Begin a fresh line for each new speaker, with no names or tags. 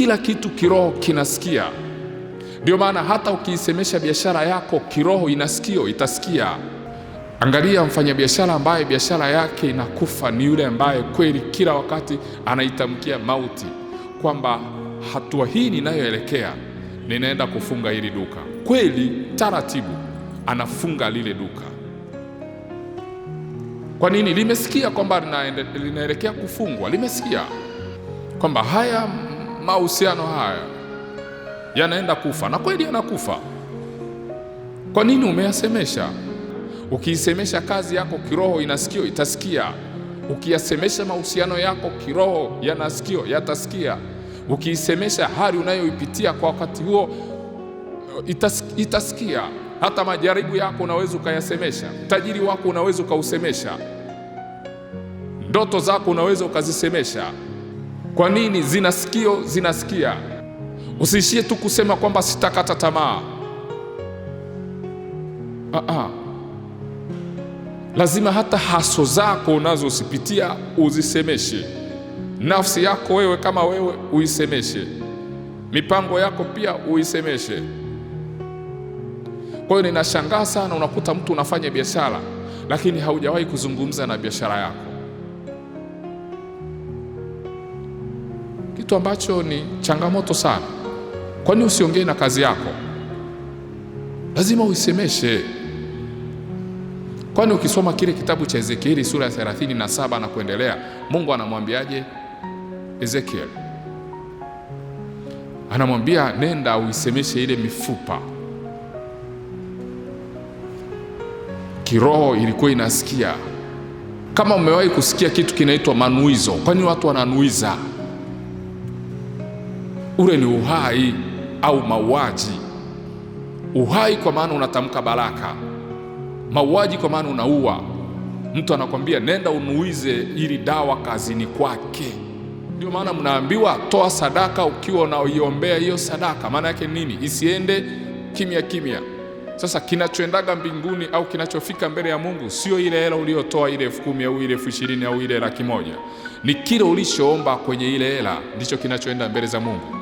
Kila kitu kiroho kinasikia. Ndio maana hata ukiisemesha biashara yako kiroho, inasikio itasikia. Angalia mfanyabiashara ambaye biashara yake inakufa ni yule ambaye kweli kila wakati anaitamkia mauti kwamba hatua hii ninayoelekea, ninaenda kufunga hili duka. Kweli taratibu anafunga lile duka. Kwa nini? Limesikia kwamba linaelekea kufungwa, limesikia kwamba haya mahusiano haya yanaenda kufa, na kweli yanakufa. Kwa nini umeyasemesha? Ukiisemesha kazi yako kiroho inasikio, itasikia. Ukiyasemesha mahusiano yako kiroho yanasikio, yatasikia. Ukiisemesha hali unayoipitia kwa wakati huo itas, itasikia. Hata majaribu yako unaweza ukayasemesha, utajiri wako unaweza ukausemesha, ndoto zako unaweza ukazisemesha. Kwa nini? Zina sikio, zinasikia. Usiishie tu kusema kwamba sitakata tamaa. Aa, lazima hata haso zako unazozipitia uzisemeshe, nafsi yako wewe kama wewe uisemeshe, mipango yako pia uisemeshe. Kwa hiyo ninashangaa sana, unakuta mtu unafanya biashara lakini haujawahi kuzungumza na biashara yako. kitu ambacho ni changamoto sana. Kwani usiongee na kazi yako? Lazima uisemeshe. Kwani ukisoma kile kitabu cha Ezekieli sura ya 37 na kuendelea, Mungu anamwambiaje Ezekieli? Anamwambia nenda uisemeshe ile mifupa. Kiroho ilikuwa inasikia. Kama umewahi kusikia kitu kinaitwa manuizo, kwani watu wananuiza ule ni uhai au mauaji. Uhai kwa maana unatamka baraka, mauaji kwa maana unaua. Mtu anakwambia nenda unuize ili dawa kazini kwake. Ndio maana mnaambiwa toa sadaka ukiwa unaiombea hiyo sadaka. Maana yake nini? Isiende kimya kimya. Sasa kinachoendaga mbinguni au kinachofika mbele ya Mungu sio ile hela uliyotoa, ile elfu kumi au ile elfu ishirini au ile laki moja. Ni kile ulichoomba kwenye ile hela ndicho kinachoenda mbele za Mungu.